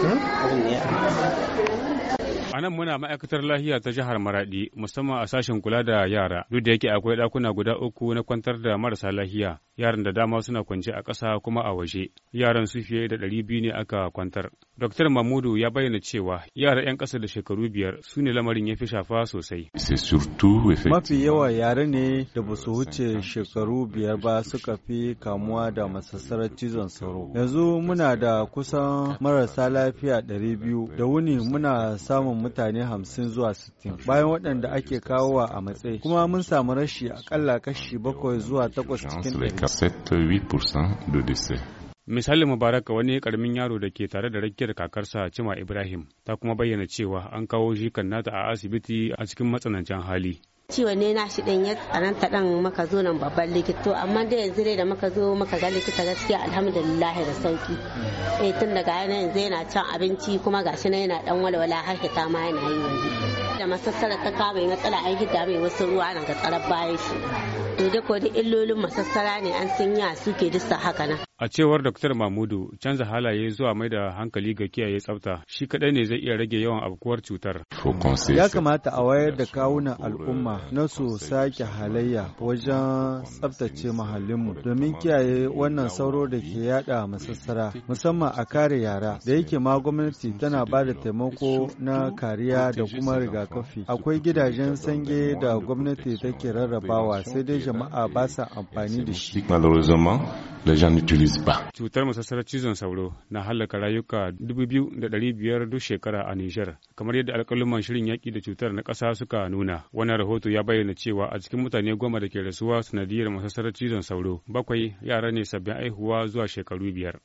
嗯，还是你。A nan muna ma'aikatar lahiya ta jihar Maradi musamman a sashen kula da yara duk da yake akwai ɗakuna guda uku na kwantar da marasa lahiya yaran da dama suna kwance a ƙasa kuma a waje yaran su fiye da ɗari biyu ne aka kwantar. Dr. Mahmudu ya bayyana cewa yara 'yan ƙasa da shekaru biyar su ne lamarin ya fi shafa sosai. Mafi yawa yare ne da ba su wuce shekaru biyar ba suka fi kamuwa da masassarar cizon sauro. Yanzu muna da kusan marasa lafiya ɗari biyu da wuni muna samun mutane hamsin zuwa sittin bayan waɗanda ake kawowa a matsayi kuma mun samu rashi akalla kashi bakwai zuwa takwas cikin ɗari. Misali Mubaraka wani karamin yaro da ke tare da rakiyar kakarsa Cima Ibrahim ta kuma bayyana cewa an kawo shi kan nata a asibiti a cikin matsanancin hali. ciwon ne na shi din ya ta dan maka zo nan babban likito amma da yanzu dai da maka zo maka ga likita gaskiya alhamdulillah da sauki eh tun daga yana yanzu yana cin abinci kuma gashi na yana ɗan walwala har ta ma yana yi yanzu da masassara ta kama matsala an hidda mai wasu ruwa nan ga tsarar bayan shi to da ko duk illolin masassara ne an sun yi suke dusta haka na. A cewar Dr. Mahmudu, canza halaye zuwa mai da hankali ga kiyaye tsafta shi kaɗai ne zai iya rage yawan afkuwar cutar. Ya kamata a wayar da kawunan al'umma na su sake halayya wajen tsabtace muhallinmu domin kiyaye wannan sauro da ke yada masassara musamman a kare yara da yake ma gwamnati tana ba da taimako na kariya da kuma rigakafi akwai gidajen sange da gwamnati take rarrabawa sai dai jama'a ba sa amfani da shi les gens n'utilisent pas. Cutar masassar cizon sauro na halaka rayuka 2,500 duk shekara a Nijar. Kamar yadda alƙaluman shirin yaƙi da cutar na ƙasa suka nuna, wannan rahoto ya bayyana cewa a cikin mutane goma da ke rasuwa sanadiyar masassar cizon sauro, bakwai yara ne sabbin aihuwa zuwa shekaru biyar.